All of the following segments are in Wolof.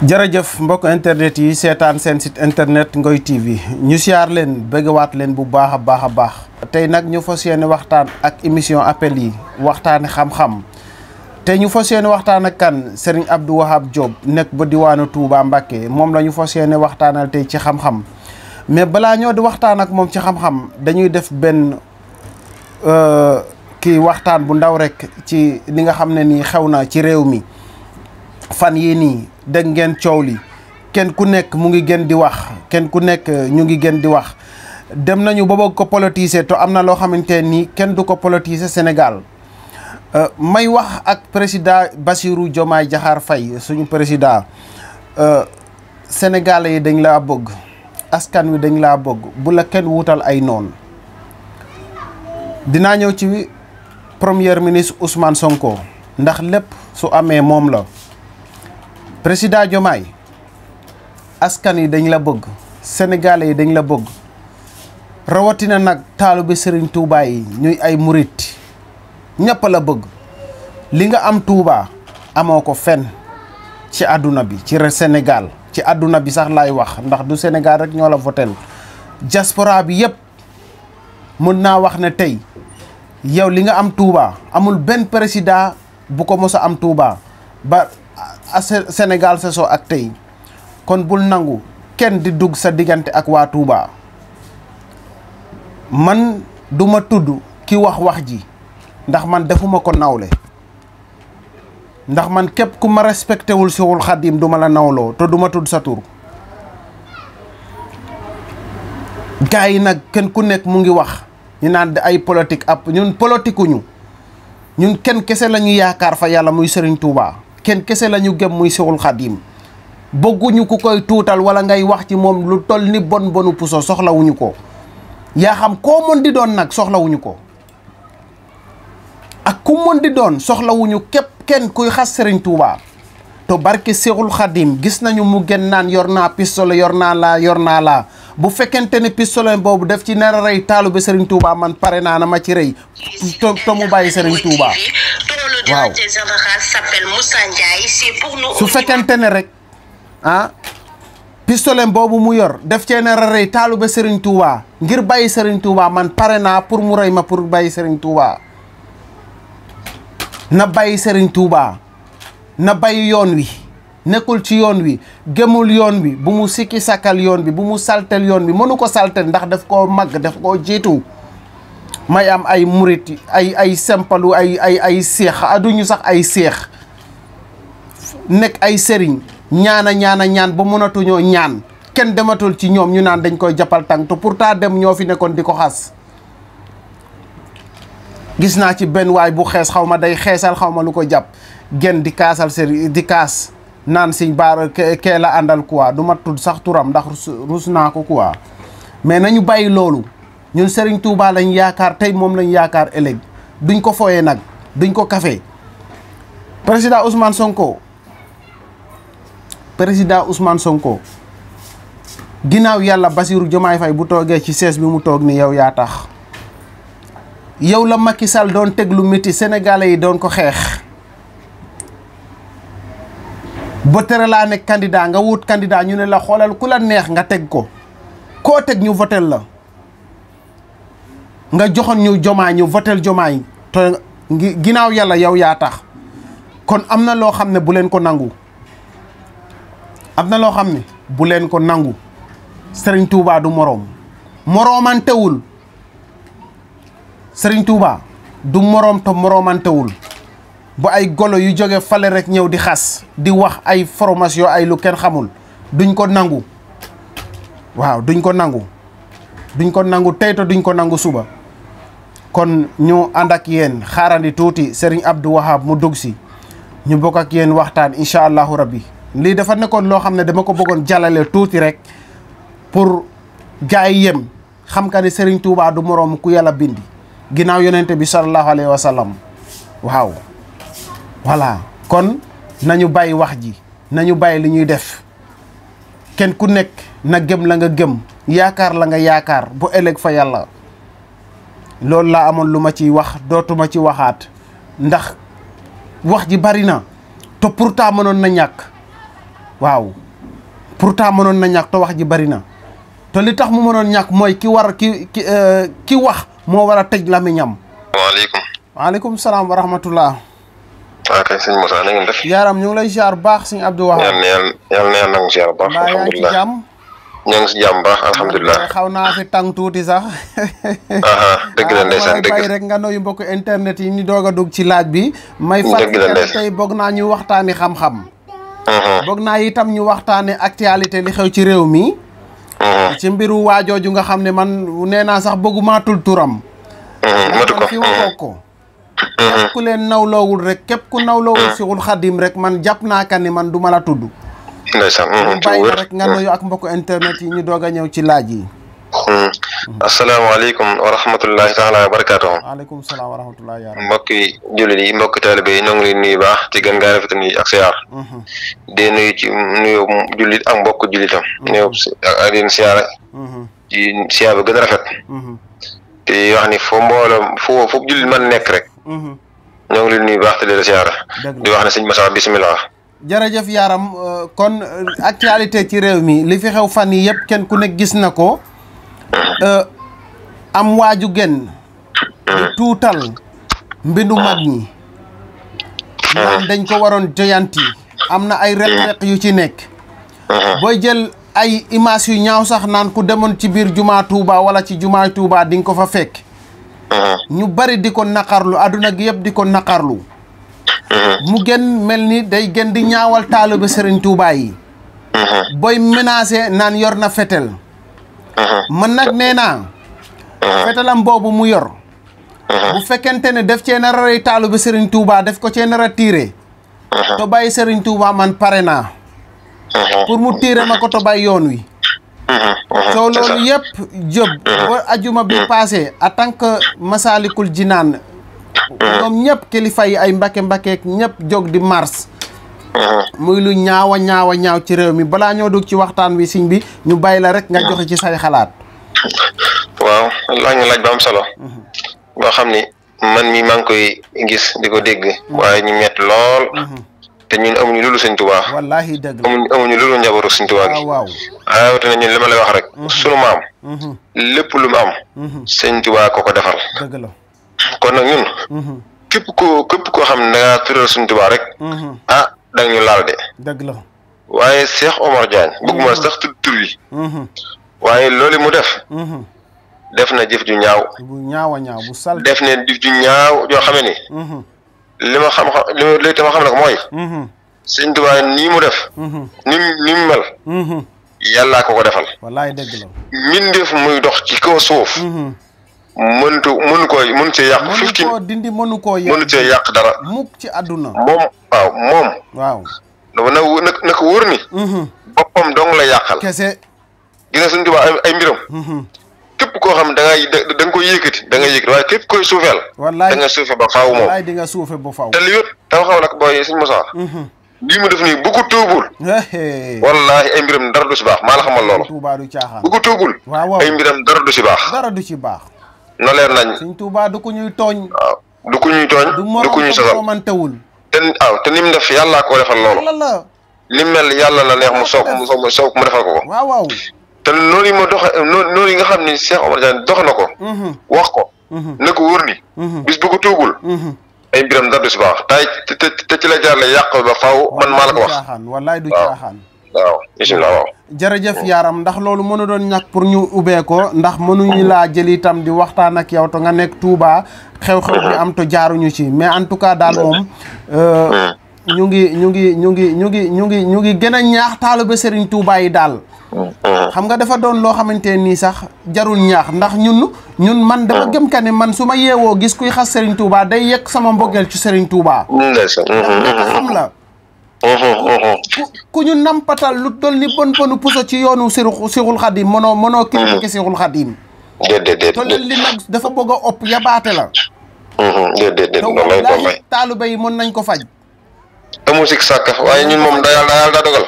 jërëjëf mbokk internet yi seetaan seen sit internet Ngoy TV ñu siyaar leen bëggawaat leen bu baax a baax a baax tey nag ñu fas yéene waxtaan ak émission appel yi waxtaane xam te ñu fas yéene waxtaan ak kan Serigne Abdou Wahab Diop nekk ba diwaanu Touba Mbacké moom lañu ñu fas yéene waxtaanal tey ci xam-xam mais balaa ñoo di waxtaan ak moom ci xam-xam dañuy def benn euh, kii waxtaan bu ndaw rek ci li nga xam ne nii xew na ci réew mi fan yii nii dégg ngeen coow li kenn ku nekk mu ngi gën di wax kenn ku nekk ñu ngi gën di wax dem nañu ba bëgg ko politiser te am na loo xamante nii kenn du ko politiser senegal euh, may wax ak président Bassirou Diomaye Diakhar fay suñu président euh, Sénégalais yi dañ laa bëgg askan wi dañ laa bëgg bu la kenn wutal ay noon dinaa ñëw ci premier ministre Ousmane Sonko ndax lépp su amee moom la président Diomaye askan yi dañ la bëgg sénégalais yi dañ la bëgg rawatina nag taalu bi sëriñ Touba yi ñuy ay murit ñëpp la bëgg li nga am Touba amoo ko fenn ci àdduna bi ci senegal ci àdduna bi sax laay wax ndax du Sénégal rek ñoo la votel diaspora bi yëpp mën naa wax ne tey yow li nga am Touba amul benn président bu ko mos a am Touba ba Sénégal Senegal ak tay kon bul nangu ken di dug sa diggante ak wa Touba man duma tuddu ki wax wax ji ndax man defuma ko nawle ndax man kep ku ma respecté wul wul khadim duma la nawlo to duma tudd sa tour gaa nak ken ku nek mu ngi wax ñu naan ay politique ap ñun ñu ñun ken kessé lañu yaakar fa yalla muy Serigne Touba Ken kese la ñu gëm muy khadim Xadim bëgguñu ku koy tutal wala ngay wax ci mom lu toll ni bon bonu puso wuñu ko ya xam ko mon di doon soxla wuñu ko ak ku mon di doon wuñu kep ken kuy xass Serigne Touba to barke Seexul khadim gis nañu mu gën naan yor naa yorna yor yorna la yor bu fekente ni pistolet bobu def ci nar ray talu be Serigne Touba man pare na na ma ci reuy to mu baye Serigne Touba. waaw su fekkente ne rek ah boobu mu yor def cee nar a rey taalu ba Serigne Touba ngir bàyyi sëriñ tuubaa man pare naa pour mu rey ma pour bàyyi sëriñ Touba na bàyyi sëriñ tuubaa na bàyyi yoon wi nekkul ci yoon wi gémmul yoon wi bu mu sikki sakkal yoon bi bu mu saltel yoon wi mënu ko saltel ndax daf koo màgg daf koo jiitu. may am ay murit ay ay sempalu ay ay ay cheikh aduñu sax ay cheikh nek ay sëriñ ñaana ñaana ñaan ba mënatuñoo ñaan kenn dematul ci ñom ñu naan dañ koy jappal tank to pourtant dem ñoo fi nekkon diko xass gis na ci ben way bu xess xawma day xessal xawma lu ko japp gen di kasal seri di kaas naan si bar ke la andal quoi du ma sax turam ndax rus naa ko quoi mais nañu bayyi ñun seriñ Touba lañ yaakaar tey moom lañu yaakaar ëllëg duñ ko foyee nag duñ ko kafe président Ousmane Sonko président Ousmane Sonko ginnaaw yàlla Bassirou Diomaye fay bu toogee ci sees bi mu toog ni yow yaa tax yow la Macky sal doon teg lu métti sénégalais yi doon ko xeex ba tere laa nekk kandidaa nga wut candidat ñu ne la xoolal ku la neex nga teg ko koo teg ñu voteel la. nga joxoon ñu jomaay ñu votel jomaay te ginnaaw yàlla yow yaa tax kon am na loo xam ne bu leen ko nangu am na loo xam ne bu leen ko nangu Serigne Touba du moroom moroomantewul Serigne Touba du moroom te moroomantewul bu ay golo yu jóge fale rek ñëw di xas di wax ay formation ay lu kenn xamul duñ ko nangu waaw duñ ko nangu duñ ko nangu tey te duñ ko nangu suba kon ñu andak yeen yéen xaarandi tuuti Serigne Abdou Wahab mu dugg ci ñu bokk ak yeen waxtaan inshallah allahu rabbi li dafa nekkon lo xamne dama ko bëggon jàllale tuuti rek pour gaay yem xam ka ni Serigne Touba du morom ku yalla bindi ginaaw yonente bi sallallahu alaihi wasallam waaw wala kon nañu bayyi wax ji nañu bayyi li ñuy def Ken ku nekk na gem, la nga yakar, yaakar la nga yaakar bu elek fa yalla loolu la amoon luma ci wax dotuma ci waxat ndax wax ji bari na to pourtant mënoon na ñak waaw pourtant mënoon na ñak to wax ji bari na to li tax mu mënoon ñak moy ki war ki ki euh, wax mo wara tej la mi ñam wa alaykum wa rahmatullah. waaw seigne Moussa na ngeen def. yaram ñu lay jaar baax seigne Abdou Wahab. yalla yalla na yàlla baax. alhamdullah ñang ci jam baax alhamdullilah xawna fi tang tuuti sax aha deug la ndaysan deug bay rek nga noyu oh, mbokk internet yi ni doga dug ci laaj bi may fa tay bok na ñu waxtani xam xam bok na itam ñu waxtani actualité li xew ci rew mi ci mbiru ju nga xamne man neena sax boguma tul turam matuko fi ko ku len nawlo wul rek kep ku nawlowul ci xul khadim rek man japp na kan ni man duma la tuddu ndeysaan ci mm, wér mm. ak mbokk internet yi ñu doog a ñëw ci laaj yi. Mm. wa rahmatullahi taala wa barakaatuhu. waaleykum salaam wa rahmatullahi wa mbokki jullit yi mbokki taalibe yi ñoo ngi leen nuyu baax te gën ngaa rafet nuyu ak siyaar. Mm-hmm. di nuyu ci nuyu jullit ak mbokk jullitam. Mm-hmm. nuyu ak mm-hmm. gën a rafet. te wax ni fo mbooloo foo foo jullit nekk rek. ñoo ngi leen nuyu baax te di siyaara. di wax ne sëñ Massa bisimilah. jërëjëf Yaram euh, kon euh, actualité ci réew mi li fi xew fan yi yëpp kenn ku nekk gis na ko euh, am waaju genn tuutal mbindu mag ñi naan dañ ko waroon joyanti am na ay req-req yu ci nekk booy jël ay image yu ñaaw sax naan ku demoon ci biir jumaa Touba wala ci jumaa Touba di nga ko fa fekk ñu bari di ko naqarlu adduna gi yëpp di ko naqarlu Mm-hmm. mu genn melni day talu di ñaawal taalibe Serigne Touba yi. Mm-hmm. boy menacer nan yor na fetel. Mm-hmm. man nak nee naa. fetelam mu yor. bu fekente ne def ci na roy rey Serigne Touba def ko ci na to bay Serigne Touba man parena, pour mu tiire mako to bay yoon wi. so lolou yep job ba ajuma bi passé en tant que Masalikul jinan ñom ñep kilifa yi ay mbake mbake ñep jog di mars muy lu ñaawa ñaawa ñaaw ci rew mi bala ñoo dug ci waxtaan wi siñ bi ñu bayila rek nga joxe ci say xalaat waaw laaj nga laaj ba am solo bo xamni man mi mang koy gis diko deg dégg ñu met lool te ñun amuñu lulu señ tubaa wallahi dëgg amuñu amuñu lulu njabaru señ tubaa gi waaw ayawte na ñun lima ma lay wax rek mhm. suñu maam mhm. lepp lu mu am mhm. señ tubaa ko ko defal deug la kon nag ñun. Mhm. képp koo képp koo xam ne da ngaa tural suñu tubaab rek. Mhm. ah da ñu laal de. dëgg la waaye Cheikh Omar Diagne bëgguma mhm. sax tudd tur yi. waaye loolu mu def. def na jëf ju ñaaw. bu ñaaw a ñaaw bu sal. def na jëf ju ñaaw joo xam ne. li ma xam xam li ma li ma xam nag mooy. suñ tubaab mu def. ni ni mu mel. a ko ko defal. wallaay dëgg la. mbindeef dox ci kaw mëntu mënu ko mënu cee yàq. fifteen mënu koo dindi mënu koo yàq mënu yàq dara. mukk ci àdduna. moom waaw moom. waaw dafa na na ko wóor ni. Mm-hmm. boppam dong la yàqal. kese. gis nga suñu tubaab ay mbiram. Mm-hmm. képp koo xam da ngay da nga koy yëkkati da nga yëkkati waaye képp koy suufeel. wallaay da nga suufe ba faaw moom wallaay di nga suufe ba faaw. te li yëpp dafa xaw nag booy suñu mosaa. Mm-hmm. lii mu def nii bu ko tuubul. wallaahi ay mbiram dara du si baax maa la xamal loolu. tuubaa du ay mbiram dara du si baax. dara du si baax. na leer nañ. Sëñ Tuubaa du ko ñuy tooñ. waaw du ko ñuy tooñ. du ko ñuy sosal mantewul te waaw te ni mu def yàllaa ko defal loolu. li mel yàlla la neex mu soog mu soog mu soog mu defal ko ko. waaw waaw te noonu yi ma yi nga xam ni Cheikh Omar Diagne dox na ko. Mhm. wax ko. Mhm. na ko wóor ni. Mhm. bis bu ko tuugul. ay mbiram dara du si baax te te te la jaarale yàq ba faaw man maa ko wax. wallaay du caaxaan waaw isim waaw jërëjëf yaram ndax loolu mënu doon ñàkk pour ñu ubbee ko ndax ñu laa jël itam di waxtaan ak yow to nga nekk Touba xew-xew bi am to jaaruñu ci mais en tout cas daal moom euh, ñu ngi ñu ngi ñu ngi ñu ngi ñu ngi ñu ngi gën a ñaax taalibe Serigne Touba yi daal xam nga dafa doon loo xamante sax jarul ñaax ndax ñun ñun man dafa gëm ka ne man su ma gis kuy xas Serigne Touba day sama mbogeel ci Serigne Touba Oh, oh, oh, ku ñu nampatal lu dol ni bon bonu pousso ci yoonu sirul khadim mono mono kilifa ki hmm. sirul khadim dededet tollal li nak dafa bëgg op yabaate la dededet lolay ko may talube yi mon nañ ko faj amu sik saka waye ñun mom da yalla da dogal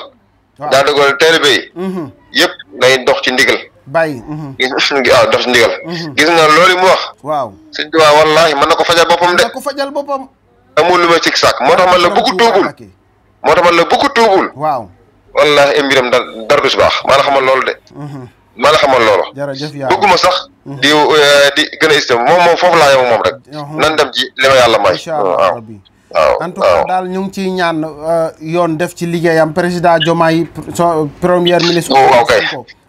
da dogal taluba yi hmm. yep day dox ci ndigal bay hmm. gis nga ah dox ndigal gis na loolu mu wax waaw señ tuba wallahi man nako fajal bopam de nako fajal bopam amu luma sik sak motax man la bëgg dogul moo man la bu ko tuubul. waaw wallahi ay mbiram dara du si baax maa la xamal lolou de. Mhm. man la xamal loolu. jërëjëf ya duguma sax. Mhm. di euh, di gëna a istam mom moom foofu laa yem moom rek. Mhm. nan dem ci lima yalla may. waaw en tout cas dal ñu ci ñaan euh, yoon def ci liggéeyam président Diomaye son premier ministre. Oh, waaw kay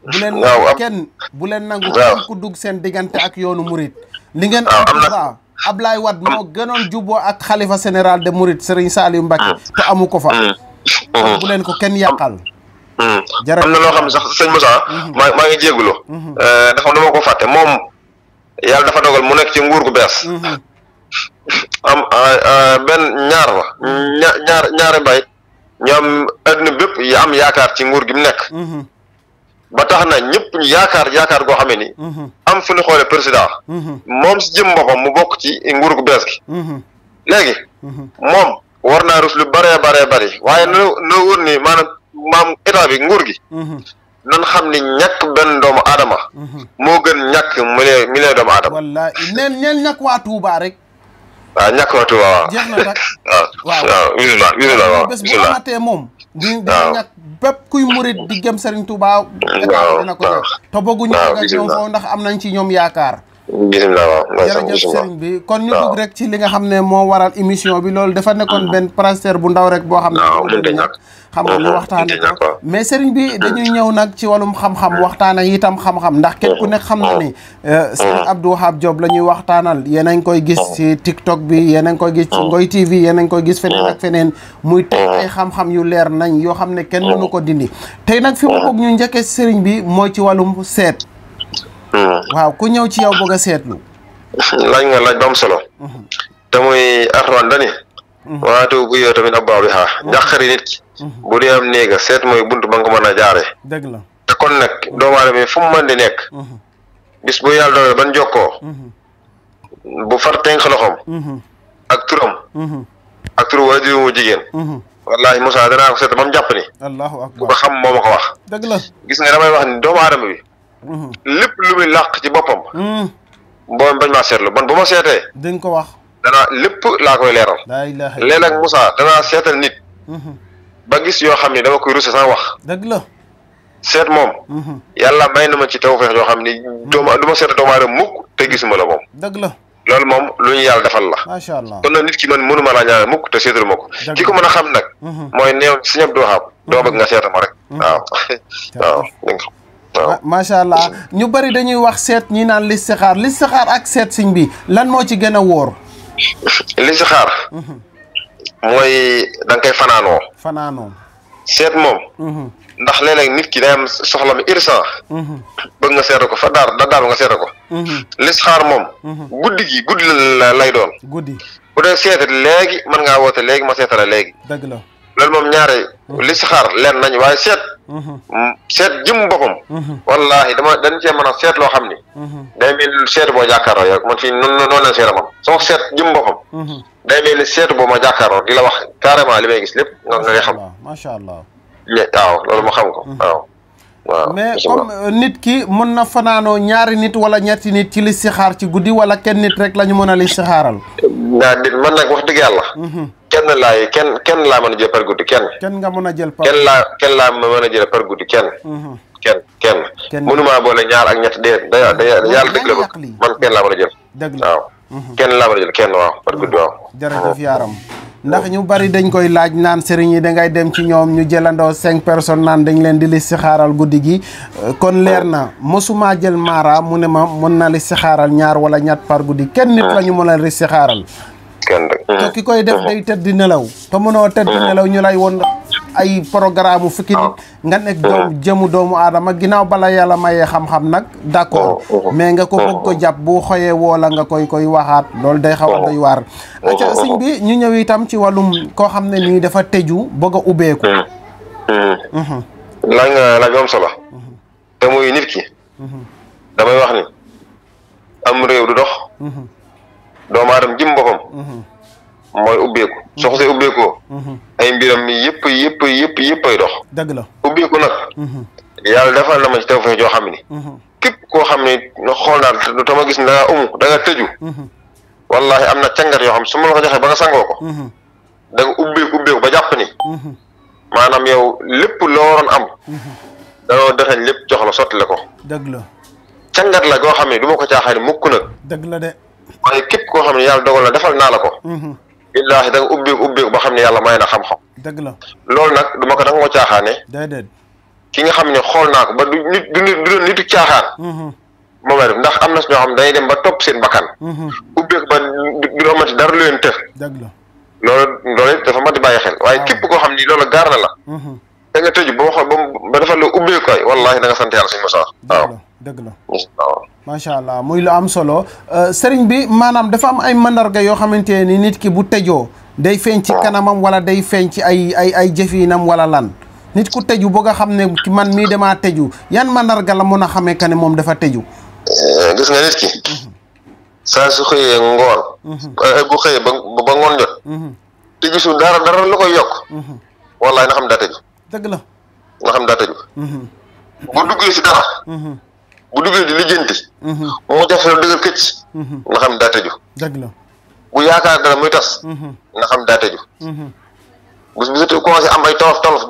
bu len ken bu len nangu ku dug sen digante ak yoonu Mouride. li ngeen am Ablaye Wade moo gënoon juboo ak xalifa général de Mouride Serigne Saliou Mbacké ah. te amu ko fa ah. Ah. bu leen ko kenn yàqal jërëjëf am na loo xam ne sax sëñ Moussa mhm. maa maa ngi jégalu mhm. euh, dafa dama ko fàtte moom yàlla dafa dogal mu nekk ci nguur gu bees mhm. am euh, euh, benn ñaar la ñaar ñaari mbay ñoom adduna bépp yi am yaakaar ci nguur gi mu nekk ba tax na ñëpp ñu yaakaar yaakaar goo xamee ni. Mhm. am fu ñu xoolee président. Mhm. moom si jëm boppam mu bokk ci nguur gu bees gi. Mhm. léegi. moom war naa lu bëree bëree bëri waaye na na wóor ni maanaam maam état bi nguur gi. nan xam ni ñàkk benn doomu aadama. moo gën ñàkk million million doomu aadama. wallaahi neen ñeel ñàkk waa Touba rek. waaw ñàkk waa Touba waaw. jeex na nag waaw waaw bisimilah bisimilah waaw bisimilah. bés bu amatee moom. di bépp kuy murit di gëm Serigne Touba. waaw dina ndax am nañ ci ñoom yaakaar. bisimilah bi kon rek ci li nga xam ne moo waral émission bi loolu dafa nekkoon benn praster bu ndaw rek boo xam ne. xam nga ñu waxtaanee mais sëriñ bi dañuy ñëw nag ci wàllum xam-xam waxtaan ak itam xam-xam ndax képp ku nekk xam na ni euh, sëriñ Abdou waxaab Diop la ñuy waxtaanal yéen a ngi koy gis ci TikTok bi yéen a ngi koy gis ci mm. Ngoy TV yéen a ngi koy gis feneen ak mm. feneen muy mm. teg ay xam-xam yu leer nañ yo xamne kenn mënu ko dindi tay nak fi ma ñu ñëkke sëriñ bi mooy ci walum sét hmm. waaw ku ñëw ci yow bëgga a seetlu laaj nga laaj ba solo hmm. te muy arwaan dani hmm. waatu bu yo tamit abba bi nit bu di am neega sét moy buntu ba nga mëna jaaré dëgg la te kon do fu di nekk bis bu yalla doole ban joko bu far tenk loxom ak turam ak turu waajur mu jigen wallahi Moussa danaa ko seet ba mu jàpp ni. allahu ku ko xam moo ma ko wax. dëgg la gis nga damay wax ni doomu adama bi. Mhm. lépp lu muy làq ci boppam. mboolem mhm. bañ maa seetlu man bu ma seetee. dañ ko wax danaa lépp laa koy leeral. léeg ak Moussa danaa seetal nit. Mhm. ba gis yoo xam ne dama koy rusé sans wax. dëgg la seet moom. yàlla may na ma ci tawfeex yoo xam ni. doomu du ma seet doomu aadama mukk te gisuma la moom. dëgg la. loolu moom lu ñu yàlla defal la. macha allah kon nag nit ki man mënuma laa ñaanal mukk te seetalu ma ko. ki ko mën a xam nag. Mhm. mooy néew si ñëpp doo xam. doo mhm. bëgg nga seeta rek. Mhm. waaw waaw macha allah ñu bari dañuy wax seet ñi naan listixaar listixaar ak seet siñ bi lan moo ci gën a wóor. listixaar. mooy da nga koy fanaanoo. fanaanoo. seet moom. ndax léeg nit ki day am soxla mi urgent mhm. bëgg nga seetlu ko fa daar da daaru nga seetlu ko mhm. xaar moom mhm. guddi gi guddi la lay doon guddi bu dee seete léegi mën ngaa woote léegi ma seetala léegi dëgg la loolu moom ñaare listixaar leen nañ waaye seet mm, seet jëm boppam wallahi dama dañ cee mën a seet loo xam ni day mel seet boo jàkkaaroo yow man fii noonu noonu lañ seeta man soo seet jëm boppam day mel ni seetu boo ma jàkkaaroo di la wax carrément li may gis lépp nga nga xam macha allah lekk waaw loolu ma xam ko mm-hmm. waaw waaw mais comme euh, nit ki mën na fanaanoo ñaari nit wala ñetti nit ci listixaar ci guddi wala kenn nit rek la ñu mën a listixaaral naa nit man nag wax dëgg yàlla mm-hmm. kenn laay kenn kenn laa mën a jël par guddi kenn kenn nga mën a jël par kenn laa kenn laa mën a jël par guddi kenn mm-hmm. kenn kenn mënumaa boole ñaar ak ñett déet da yàlla dëgg la bëgg man kenn laa mën a jël dëgg la waaw kenn laa mën a jël kenn waaw par guddi waaw jërëjëf yaaram ndax ñu bari dañ koy laaj naan sëriñ yi dangay dem ci ñoom ñu jëlandoo cinq personnes naan dañ leen di listixaaral guddi gi euh, kon leer na mosuma jël maara mu ne ma mën na listixaaral ñaar wala ñett par guddi kenn nit la ñu mën a listixaaral kenn te ki koy def day tëdd nelaw te mënoo tëdd nelaw ñu lay woon ay programme fukki nit ah. nga nekk doom ah. doomu aadama ginnaaw bala yàlla mayee xam-xam nag d'accord ah, mais nga ko bëgg ko jàpp bu xooyee woola nga koy koy waxaat loolu day xaw a doy waar acca sëñ bi ñu ñëw itam ci wàllum koo xam ne nii dafa tëju bëgg a ubbeeku hmm, hmm. mhm. laaj nga laaj am solo mhm. te muy nit ki mhm. damay wax ni am réew du dox doomu aadama jëm boppam mooy ubbeeku soo xasee ubbeekoo mhm. ay mbiram yëpp yëpp yëpp yëpp ay dox dëgg la ubbeeku nag mhm. yàlla defal na ma ci tawfeex joo xam ne mhm. képp koo xam ne xool naa tama gis ne da umu da nga tëju wallahi am na cangat yoo xam su ma a ko joxee ba nga sangoo ko da nga ubbeeku ubbeeku ba jàpp ni maanaam yow lépp loo waroon am danoo dexeñ lépp jox la sotti ko dëgg la cangat la goo xam ne du ma ko caaxaan mukk nag dëgg la de waaye képp koo xam ne yàlla dogal na defal naa la ko billaahi da nga ubbeeku ubbeeku ba xam ne yàlla may na xam-xam. dëgg nag du ma ko da nga ko caaxaane. déedéet ki nga xam ne xool naa ko ba du nit du nit du doon nitu caaxaan. Mm-hmm. moom la def ndax am na su ñoo xam dañuy dem ba topp seen bakkan. Mm-hmm. ubbeeku ba du amati dara lu leen të. dëgg la loolu loolu dafa mat di bàyyi xel waaye ah. képp koo xam ni loolu gaar na la. Mm-hmm. da nga tëj boo xool ba ba dafa la ubbeeku ay wallaahi a nga sant yàlla waaw. dëgg la macha allah muy lu am solo euh, sëriñ bi maanaam dafa am ay mandarga yoo xamante ni nit ki bu tëjoo day feeñ ci kanamam wala day feeñ ci ay ay ay jëfinam wala lan nit ku tëju ba nga xam ne man mii damaa tëju yan mandarga la mën a xamee que ne moom dafa tëju. Euh, gis nga nit ki. saa su xëyee ngoon. Mhm. Euh, bu xëyee ba ba ngoon jot. Mhm. te gisul dara dara lu koy yokk. Mhm. wallaay na xam daa tëju. dëgg la. nga xam daa tëju. bu duggee si dara. bu duggee di lijjanti. Mhm. mu def la dëgër këcc. Mhm. nga xam daa tëju. dëgg la bu yaakaar dara muy tas. Mhm. nga xam daa tëju. bés bu jotee commencé am ay tolof tolof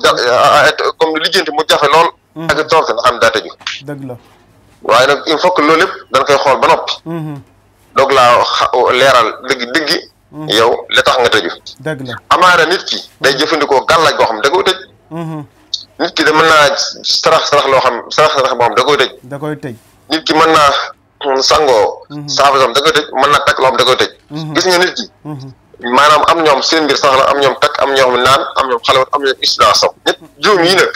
comme lijjanti mu jafe lool. ak i tolof nga xam daa tëju. dëgg la waaye nag il faut que loolu lépp koy xool ba noppi. doog la xa leeral dëgg dëgg. yow li tax nga tëju. dëgg la amaana nit ki day jëfandikoo gàllaaj goo xam da koy tëj. nit ki de mën naa sarax sarax loo xam sarax sarax boo xam da koy tëj. da nit ki mën naa sango mhm. saabu sam da koy tëj mën naa takk loo xam da koy tëj. Mhm. gis nga nit ki. Mhm. maanaam am ñoom seen mbir sax la am ñoom takk am ñoom naan am ñoom xalawat am ñoom isla saw ñett juróom yi nag.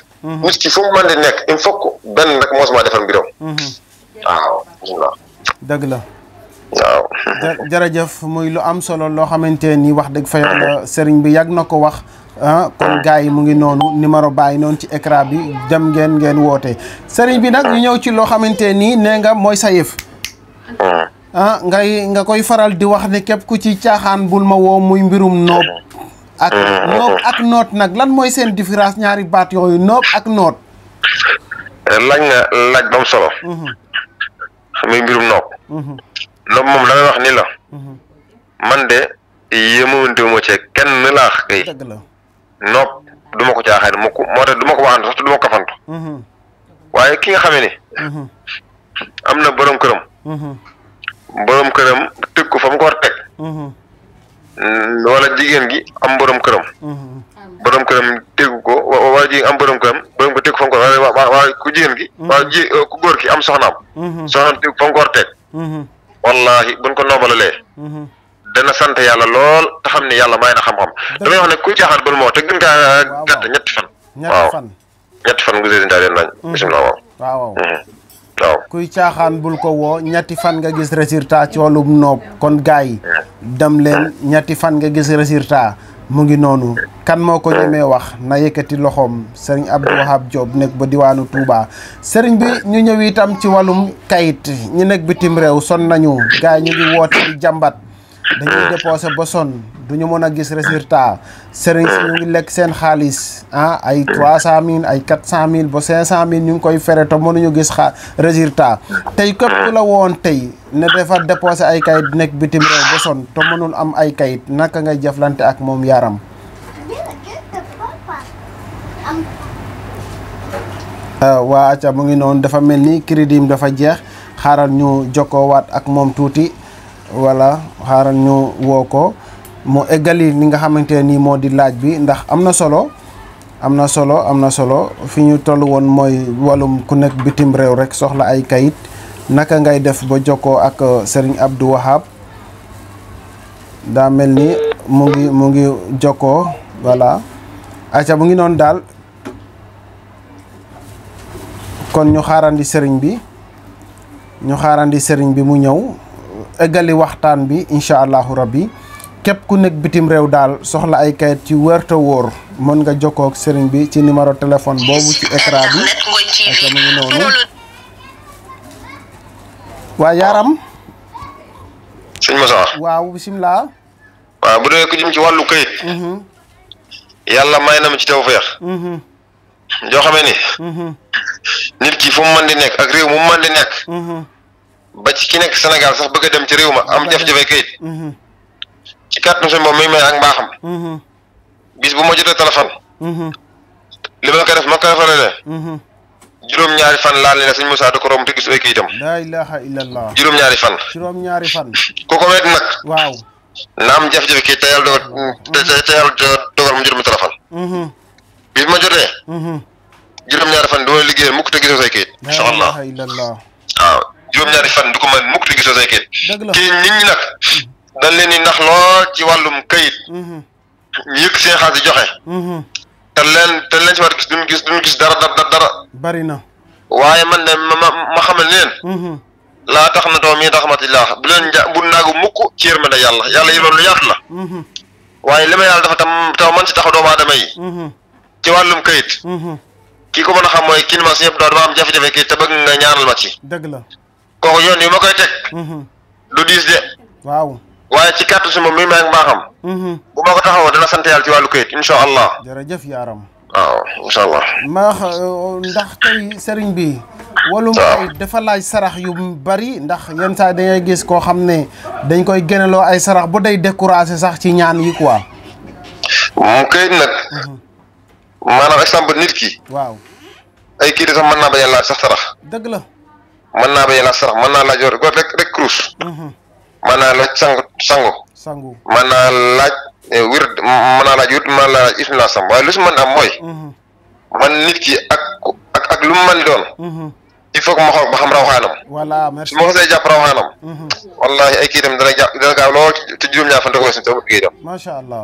nit ki fu mu mën nekk il faut que benn nag mosuma defal mbiram. waaw dëgg la. waaw. jërëjëf muy lu am solo loo xamante ni wax dëgg fa sëriñ bi yàgg na ko wax. ah kon gaay mu ngi nonu numéro bàyyi non ci écran bi dem ngeen ngeen woté sëriñ bi nak ñu ñëw ci lo ni nga moy sayef ah ngay nga koy faral di wax ne kep ku ci caaxaan bul ma wo muy mbirum nop ak nop ak note nak lan moy seen différence ñaari baat yoy nop ak note lañ nga laj bam solo mhm. muy mbirum hmm lo mom la wax ni la mhm. man de wonte mo ci kenn la kay nopp du ma ko caaxaan mukk moo tax du ma ko waxantu sax te du ma ko kafantu mhm. waaye ki nga xamee ne mhm. am na borom këram mhm. borom këram tëgg ko fa mu a teg wala jigéen gi am borom këram borom këram tegu ko wala jigéen am fa mu ko ku jigéen gi waa ku góor ki am soxnaam soxnaam tegu fa mu ko war a teg wallaahi buñ ko dana sante yalla lol te xamni yalla mayna xam-xam dama wax ne ku caaxaan bul mo te gën kaa gatt ñet fan waaw ñet fan nga résultat leen nañ bismillah waaw waaw mm-hmm. waaw kuy caaxaan bul ko wo ñet fan nga gis resultat ci walu noob kon gaay dem leen fan nga gis resultat mu ngi nonu kan moko ñëmé mm. wax na yëkëti loxom serigne Abdou Wahab job nek ba diwanu Touba serigne bi ñu ñëw itam ci walum kayit ñi nek bitim rew son nañu gaay ñu ngi woote di dañuy ah. déposé bosson duñu mëna gis résultat sëriñ ci ñu ngi lek seen xaaliss ah ay 300000 ay 400000 bo 500000 ñu ngi koy féré fere mënu ñu gis résultat tay képp ku la woon tay ne dafa déposé ay kayit nek bitim rew bosson son mënul am ay kayit naka ngay jëflanté ak mom yaram ah, wa acca mo ngi non dafa melni crédit dafa jeex xaaral ñu joko wat ak mom tuuti wala xaaral ñu woko mo mu eggali li nga xamanteni ni di laaj bi ndax amna solo amna solo amna solo fi ñu toll moy walum wàllum ku nek bitim rew rek soxla ay kayit naka ngay def ba joko ak euh, Serigne Abdou Wahab da melni ni mu ngi mu ngi joko wala aca mu ngi non dal kon ñu xaarandi Serigne bi ñu xaarandi Serigne bi mu ñew ëggali waxtaan bi incha allahu rabbi képp ku nekk bitim réew daal soxla ay kayit ci wér wóor mën nga jokkoo ak sëriñ bi ci numéro téléphone boobu ci écran bi ak mu ngi noonu waa Yaram. sëñ Moussa. waaw bu dee ku ci wàllu kayit. Mhm. yàlla may na ma ci tawfeex. Mhm. joo xamee ni. Mhm. nit ki fu mu mën nekk ak réew mu mën nekk. ba ci ki nekk Sénégal sax bëgg a dem ci réew ma am jafe-jafe kayit mhm. ci kàttan suñu boobu muy may ak mbaaxam mhm. bis bu ma jotee téléphone mhm. li ma koy def ma koy defaree ne juróom-ñaari fan ko romb te gis ay kayitam laa ilaha illallah juróom-ñaari fan juróom-ñaari kayit te yàlla dogal te yàlla dogal mu juróomi téléphone bis bu ma jotee ñaari fan du ma liggéeyal mukk te gisoo kayit incha allah waaw juróom-ñaari fan du ko mën mukk te gisoo say kayit kii nit ñi nag leen di nax lool ci wàllum kayit mm-hmm. ñu yëg seen xaalis joxe mm-hmm. te leen te leen ci war gis duñ gis duñ gis dara dara dara bari na waaye man de ma ma xamal leen mm-hmm. laa tax na doom yi raxmatillah bu leen ja bu naagu mukk ci yërmande yàlla yàlla yërmande lu yaatu la waaye li ma yàlla dafa tam taw man si tax doomu aadama yi ci wàllum kayit kii ko mën a xam mooy kii ma si yëpp doo dama am jafe-jafe kii te bëgg nga ñaanal ma ci dëgg kooku yoon yu ma koy teg. Mhm. du diis de. waaw waaye ci kàttu si moom mi maa ngi baaxam. Mhm. bu ma ko taxawoo dana sant yàlla ci wàllu këyit incha allah. jërëjëf yaaram. waaw incha allah. maax euh, ndax tey sëriñ bi. walum ay dafa laaj sarax yu bari ndax yenn saa da gis koo xam ne dañ koy gënaloo ay sarax bu day découragé sax ci ñaan yi quoi. mu këyit nag. Mhm. nit ki. waaw ay kii de sax mën naa bañ a laaj sax sarax. dëgg la. mën naa bañ a laaj sarax mën naa laaj góor rek rek kurus. Mhm. mën laaj sangu sangu. sangu eh, laaj wird mën laaj wird mën laaj ismila sam waaye lu si mën am mhm. man nit ki ak ak ak lu mu mën doon. Mhm. il faut que a xool ba xam rawxaanam. voilà merci su ma xasee jàpp rawxaanam. wallaahi ay kii itam dana jàpp dana gaaw lool te juróom-ñaar fan da koy suñu taw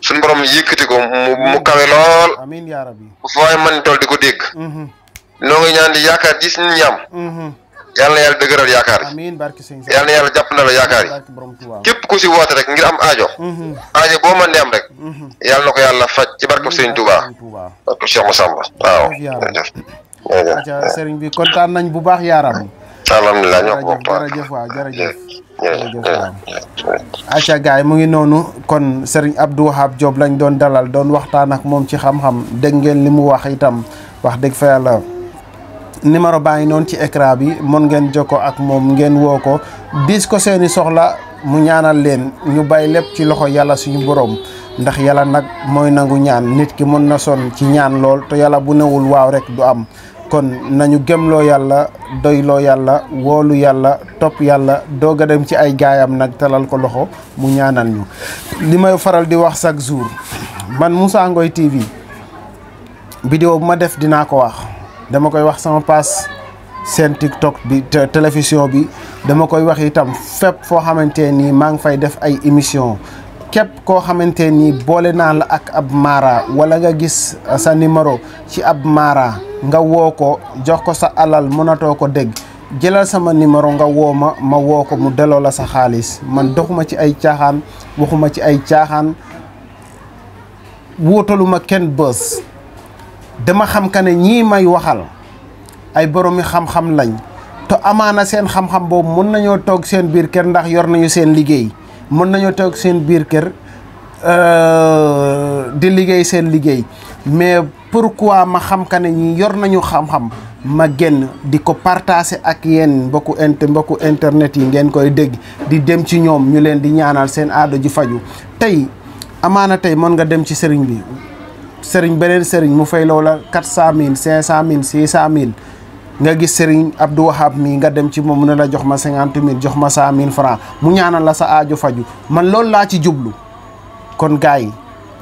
suñu borom yëkkati ko mu kawé lool amin ya rabbi fooy mën tool di ko dégg mhm. no nga ñaan di yaakaar gis nit ñi am yàlla mhm. yalla yàlla dëgëral amin barki yàlla yalla yalla japp na la yaakaar kep ku ci wote rek ngir am aajo hmm aajo bo man dem rek hmm yalla nako yalla fajj ci barkeb Sëriñ touba barkeb Cheikh Massamba waaw jërëjëf ya serigne bi kontan nañ bu baax yaaram alhamdulilah ñoo ko bokk wa waaw jërëjëf aca gaay mu ngi noonu kon Serigne Abdou Wahab Diop lañ doon dalal doon waxtaan ak moom ci xam-xam dégg ngeen li mu wax itam wax dëgg fa yàlla numéro baa ngi noonu ci écran bi mën ngeen jokkoo ak moom ngeen woo ko diis ko seeni soxla mu ñaanal leen ñu bay lépp ci loxo yàlla suñu borom ndax yàlla nag mooy nangu ñaan nit ki mën na son ci ñaan lool te yàlla bu newul waaw rek du am kon nañu gëmloo yàlla doyloo yàlla woolu yàlla topp yàlla doog a dem ci ay gaayam nag talal ko loxo mu ñaanal ñu li may faral di wax chaque jour man Moussa Ngoye TV vidéo bu ma def dinaa ko wax dama koy wax sama paase seen TikTok bi télévision bi dama koy wax itam fépp foo xamante nii maa ngi fay def ay émission képp koo xamante nii boole naa la ak ab mara wala nga gis uh, sa numéro ci ab maaraa nga woo ko jox ko sa alal mënatoo ko dégg jëlal sama numéro nga woo ma ma woo ko mu delloo la sa xaalis man doxuma ci ay caaxaan waxuma ci ay caaxaan wóotaluma kenn bës dama xam ka ne ñii may waxal ay boroomi xam-xam lañ te amaana seen xam-xam boobu mën nañoo toog seen biir kenn ndax yor nañu seen liggéey mën nañoo toog seen biir kër euh, di liggéey seen liggéey mais pourquoi ma xam ka ne ñi yor nañu xam-xam ma génn di ko partager ak yéen mbokku inter mbokku internet yi ngeen koy dégg di dem ci ñoom ñu leen di ñaanal seen aada ju faju tey amaana tey mën nga dem ci sëriñ bi sëriñ beneen sëriñ mu fay loola quatre cent mille cinq cent mille nga gis Serigne Abdou Wahab mi nga dem ci moom mu ne la jox ma cinquante mille jox ma cent mille franc mu ñaanal la sa aajo faju man loolu laa ci jublu kon gars yi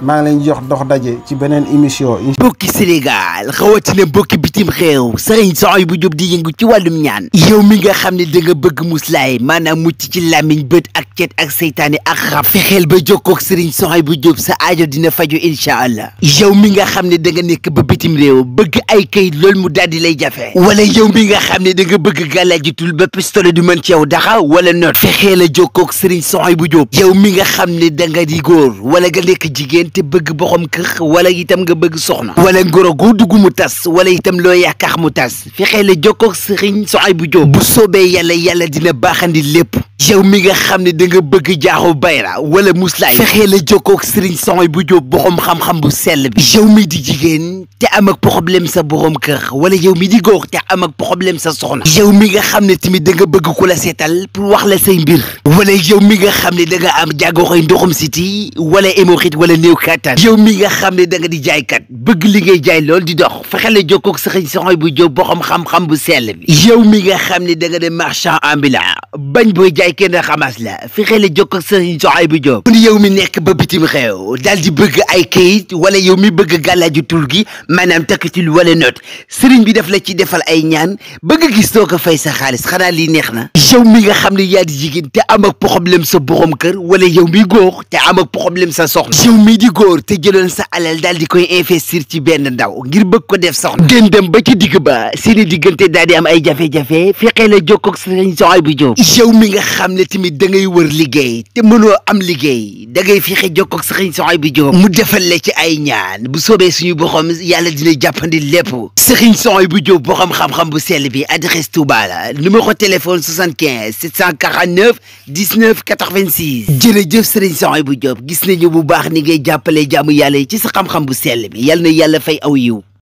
maa ngi leen jox dox daje ci beneen émission mbokki Sénégal rawatina mbokki bitim réew sëriñ soxoy bu jób di yëngu ci wàllum ñaan yow mi nga xam ne da bëgg muslaay maanaam mucc ci làmmiñ bët ak cet ak seytaane ak rab fexeel ba jokkoog sëriñ soxoy bu jób sa aajo dina fajo incha allah yow mi nga xam ne da nga nekk ba bitim réew bëgg ay kayit loolu mu daal di lay jafe wala yow mi nga xam ne da bëgg bëgg gàllaajitul ba pistolet di mën ci yow daxa wala noot fexeel a jokkoog sëriñ soxoy bu jób yow mi nga xam ne da nga di góor wala ga nekk jigéen mënti bëgg boxam këx wala itam nga bëgg soxna wala ngoro go duggu mu tass wala itam lo yaakaar mu tass fexee la jokkoog sëriñ Souhaïbou Diop bu sobé yàlla yàlla dina baxandi lépp yow mi nga xamni da nga bëgg jaaxu bayra wala muslaay fexee la jokkoog sëriñ Souhaïbou Diop boxam xam-xam bu sel bi yow mi di jigen te am ak problème sa borom kër wala yow mi di gox te am ak problème sa soxna yow mi nga xamni timi da nga bëgg kula sétal pour wax la say mbir wala yow mi nga xamni da nga am xey ndoxum city wala xit wala néew kattan yow mi nga xam ne danga nga di jaaykat bëgg li ngay jaay lool di dox fexele jokkoog sëriñ soxoy bu jóg boxam xam-xam bu sell bi yow mi nga xam ne da nga di marchand ambulant bañ booy jaay kenn xamaas la fexele jokkoog sëriñ soxoy bu jóg mu ni yow mi nekk ba bitim réew daal di bëgg ay kayit wala yow mi bëgg gàllaaju tul gi maanaam takkatul wala note sëriñ bi daf la ci defal ay ñaan bëgg gis too ko fay sa xaalis xanaa lii neex na yow mi nga xam ne yaa di jigéen te am ak problème sa borom kër wala yow mi góor te am ak sa soxna ji góor te jëloon sa alal daal di koy investir ci benn ndaw ngir bëgg ko def soxna gën dem ba ci digg ba seeni diggante daal di am ay jafe-jafe fexee la jokkoog sëriñ Souhaïbou Diop yow mi nga xam ne tamit da ngay wër liggéey te mënoo am liggéey da ngay fexe jokkoog sëriñ Souhaïbou Diop mu defal la ci ay ñaan bu soobee suñu boxam yàlla dina jàppandi lépp sëriñ Souhaïbou Diop boo xam xam bu sell bi adresse Touba la numéro téléphone 75 749 19 86 jërëjëf sëriñ Souhaïbou Diop gis nañu bu baax ni ngay jàppale jaamu yàlla yi ci sa xam bu sell bi yal na yàlla fay aw yiw